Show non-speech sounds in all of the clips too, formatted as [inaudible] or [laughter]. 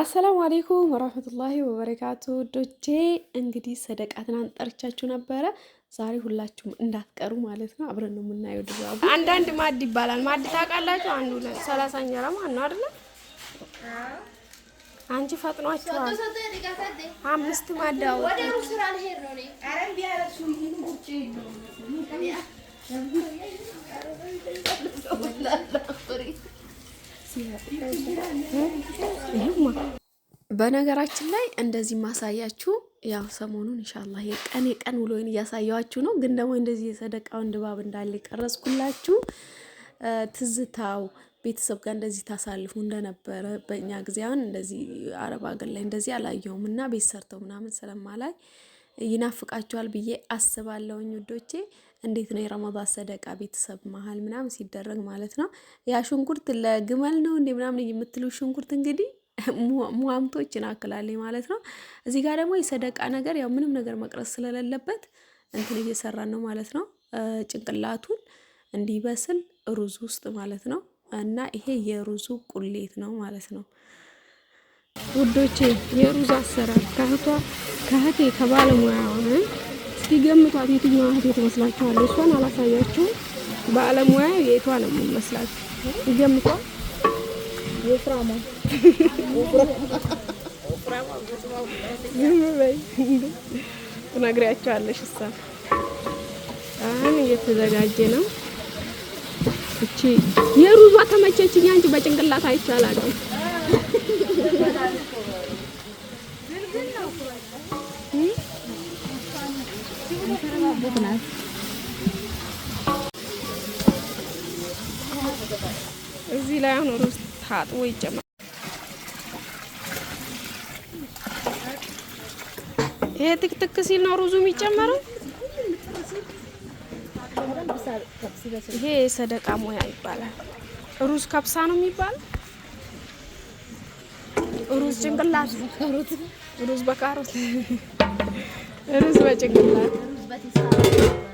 አሰላሙ አሌይኩም ወራህመቱላሂ ወበረካቱ ዶቼ እንግዲህ ሰደቃ ትናንት ጠርቻችሁ ነበረ። ዛሬ ሁላችሁም እንዳትቀሩ ማለት ነው። አብረን ነው የምናየው። ድባቡ አንዳንድ ማድ ይባላል። ማድ ታውቃላችሁ? አንዱ ሰላሳኛ ረማ ማነው አይደለ? አንቺ ፈጥኗችኋል። አምስት ማድ አወጣ በነገራችን ላይ እንደዚህ ማሳያችሁ ያው ሰሞኑን ኢንሻላህ የቀን የቀን ውሎዬን እያሳያችሁ ነው። ግን ደግሞ እንደዚህ የሰደቃውን ድባብ እንዳለ የቀረጽኩላችሁ ትዝታው ቤተሰብ ጋር እንደዚህ ታሳልፉ እንደነበረ በእኛ ጊዜ አሁን እንደዚህ አረብ ሀገር ላይ እንደዚህ አላየውም እና ቤት ሰርተው ምናምን ስለማላይ ይናፍቃችኋል ብዬ አስባለሁኝ ውዶቼ። እንዴት ነው የረመዳን ሰደቃ ቤተሰብ መሀል ምናምን ሲደረግ ማለት ነው። ያ ሽንኩርት ለግመል ነው እንዴ ምናምን የምትሉ ሽንኩርት እንግዲህ ሙዋምቶች እናክላለኝ ማለት ነው። እዚህ ጋር ደግሞ የሰደቃ ነገር ያው ምንም ነገር መቅረጽ ስለሌለበት እንትን እየሰራን ነው ማለት ነው። ጭንቅላቱን እንዲበስል ሩዝ ውስጥ ማለት ነው እና ይሄ የሩዙ ቁሌት ነው ማለት ነው ውዶቼ። የሩዝ አሰራር ከህቷ ከህቴ ከባለሙያ እስኪ ገምቷት፣ የትኛዋ እህቴ ትመስላችኋል? እሷን አላሳያችሁም። በአለሙያ የቷ ነው የምመስላችሁ? ገምቷ። ወፍራማ ትነግሪያቸዋለሽ። እሷ አሁን እየተዘጋጀ ነው። እቺ የሩዟ ተመቸችኝ። አንቺ በጭንቅላት አይቻላል የተረባበት ናት። እዚህ ላይ አሁን ሩዝ ታጥቦ ይጨመራል። ይሄ ትክትክ ሲል ነው ሩዙ የሚጨመረው። ይሄ የሰደቃ ሙያ ይባላል። ሩዝ ከብሳ ነው የሚባለው ሩዝ ጭንቅላት ሩዝ በካሮት ሩዝ በጭንቅላት but it's hard.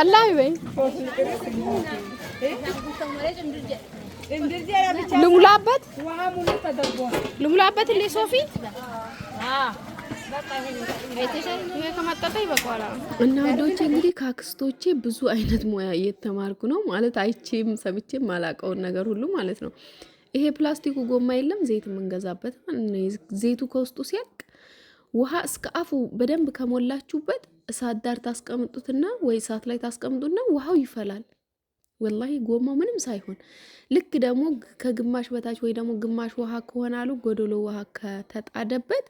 አላይ ወይ ልሙላበት ልሙላበት እንዴ ሶፊ እና ወንዶቼ እንግዲህ ከአክስቶቼ ብዙ አይነት ሙያ እየተማርኩ ነው ማለት አይቼም ሰምቼም ማላቀውን ነገር ሁሉ ማለት ነው። ይሄ ፕላስቲኩ ጎማ የለም ዘይት የምንገዛበት ዘይቱ ከውስጡ ሲያልቅ ውሃ እስከ አፉ በደንብ ከሞላችሁበት እሳት ዳር ታስቀምጡትና ወይ እሳት ላይ ታስቀምጡና ውሃው ይፈላል። ወላሂ ጎማው ምንም ሳይሆን ልክ ደግሞ ከግማሽ በታች ወይ ደግሞ ግማሽ ውሃ ከሆነ አሉ ጎዶሎ ውሃ ከተጣደበት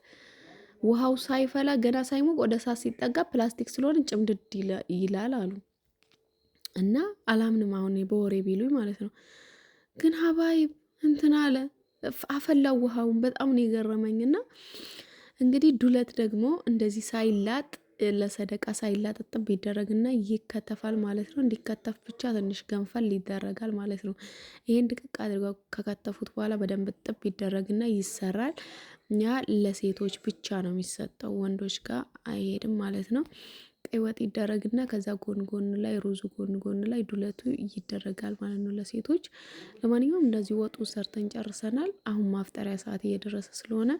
ውሃው ሳይፈላ ገና ሳይሞቅ ወደ እሳት ሲጠጋ ፕላስቲክ ስለሆነ ጭምድድ ይላል አሉ እና አላምንም። አሁን በወሬ ቢሉኝ ማለት ነው። ግን ሀባይ እንትን አለ አፈላው ውሃውን በጣም ነው የገረመኝና እንግዲህ ዱለት ደግሞ እንደዚህ ሳይላጥ ለሰደቃ ሳይላጥ ጥብ ይደረግና ይከተፋል ማለት ነው። እንዲከተፍ ብቻ ትንሽ ገንፈል ይደረጋል ማለት ነው። ይሄን ድቅቅ አድርገው ከከተፉት በኋላ በደንብ ጥብ ይደረግና ይሰራል። እኛ ለሴቶች ብቻ ነው የሚሰጠው፣ ወንዶች ጋር አይሄድም ማለት ነው። ቀይ ወጥ ይደረግና ከዛ ጎን ጎን ላይ ሩዙ ጎን ጎን ላይ ዱለቱ ይደረጋል ማለት ነው ለሴቶች። ለማንኛውም እንደዚህ ወጡ ሰርተን ጨርሰናል። አሁን ማፍጠሪያ ሰዓት እየደረሰ ስለሆነ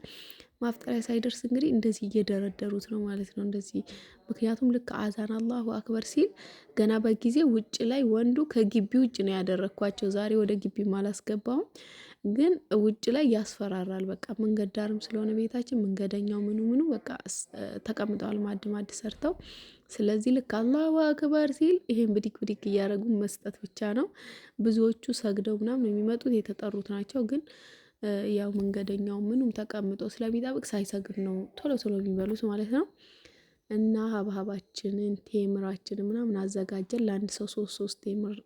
ማፍጠሪያ ሳይደርስ እንግዲህ እንደዚህ እየደረደሩት ነው ማለት ነው። እንደዚህ ምክንያቱም ልክ አዛን አላሁ አክበር ሲል ገና በጊዜ ውጭ ላይ ወንዱ ከግቢ ውጭ ነው ያደረግኳቸው። ዛሬ ወደ ግቢ አላስገባውም፣ ግን ውጭ ላይ ያስፈራራል። በቃ መንገድ ዳርም ስለሆነ ቤታችን መንገደኛው ምኑ ምኑ በቃ ተቀምጠዋል፣ ማድ ማድ ሰርተው። ስለዚህ ልክ አላሁ አክበር ሲል ይሄን ብድግ ብድግ እያደረጉ መስጠት ብቻ ነው። ብዙዎቹ ሰግደው ምናምን የሚመጡት የተጠሩት ናቸው ግን ያው መንገደኛው ምኑም ተቀምጦ ስለሚጠብቅ ሳይሰግድ ነው ቶሎ ቶሎ የሚበሉት ማለት ነው። እና ሀብሀባችንን ቴምራችንን ምናምን አዘጋጀን። ለአንድ ሰው ሶስት ሶስት ቴምር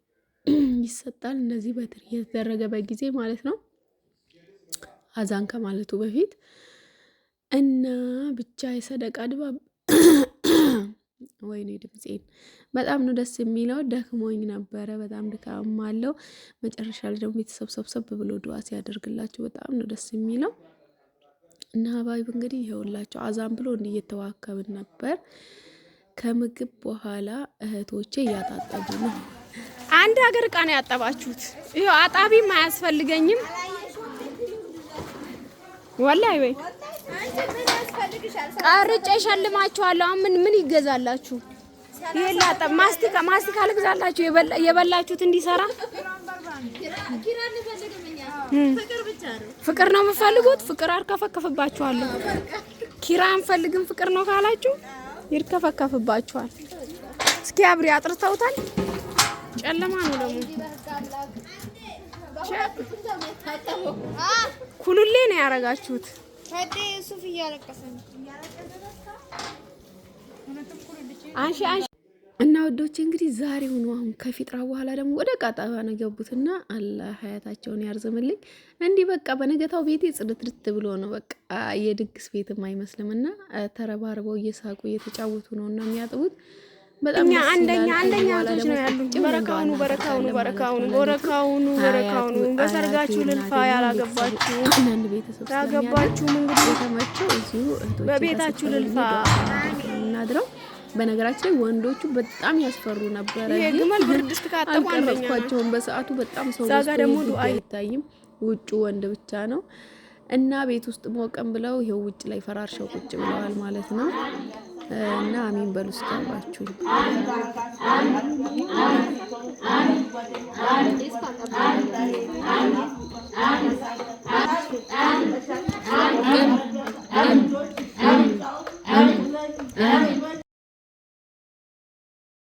[clears throat] ይሰጣል። እነዚህ በትር የተደረገበት ጊዜ ማለት ነው አዛን ከማለቱ በፊት እና ብቻ የሰደቃ ድባብ ወይኔ ድምፄን በጣም ነው ደስ የሚለው። ደክሞኝ ነበረ፣ በጣም ድካም አለው። መጨረሻ ላይ ደግሞ ቤተሰብ ሰብሰብ ብሎ ድዋ ሲያደርግላቸው በጣም ነው ደስ የሚለው። እና ሀባይብ እንግዲህ ይኸውላቸው አዛን ብሎ እንዲህ እየተዋከብን ነበር። ከምግብ በኋላ እህቶቼ እያጣጠቡ ነው። አንድ ሀገር እቃ ነው ያጠባችሁት። ይኸው አጣቢም አያስፈልገኝም ወላይ ወይ ቀርጬ እሸልማችኋለሁ። አሁን ምን ምን ይገዛላችሁ? ይላጣ ማስቲካ ማስቲካ ልግዛላችሁ የበላችሁት እንዲሰራ ፍቅር ነው የምፈልጉት። ፍቅር አርከፈከፍባችኋለሁ። ኪራ አንፈልግም ፍቅር ነው ካላችሁ ይርከፈከፍባችኋል። እስኪ አብሪ አጥርተውታል። ጨለማ ነው ደግሞ ኩሉሌ ነው ያደረጋችሁት። ፈዴ ሱፍ እያለቀሰ ነው። እና ወዶች እንግዲህ ዛሬው ነው አሁን ከፊጥራ በኋላ ደግሞ ወደ ቃጠባ ነው ገቡትና አላህ ሀያታቸውን ያርዝምልኝ። እንዲህ በቃ በነገታው ቤቴ ጽድትድት ብሎ ነው በቃ የድግስ ቤትም አይመስልምና ተረባርበው እየሳቁ እየተጫወቱ ነው እና የሚያጥቡት እኛ አንደኛ አንደኛ እህቶች ነው በረካውኑ በረካውኑ በረካውኑ በረካውኑ በረካውኑ በሰርጋችሁ ልልፋ ያላገባችሁ ያገባችሁም እንግዲህ በቤታችሁ ልልፋ እናድረው። በነገራችን ላይ ወንዶቹ በጣም ያስፈሩ ነበረ። ግመል በሰዓቱ። በጣም ሰው ደግሞ አይታይም፣ ወንድ ብቻ ነው እና ቤት ውስጥ ሞቀም ብለው ውጭ ላይ ፈራርሸው ቁጭ ብለዋል ማለት ነው። እና አሚን በሉ ውስጥ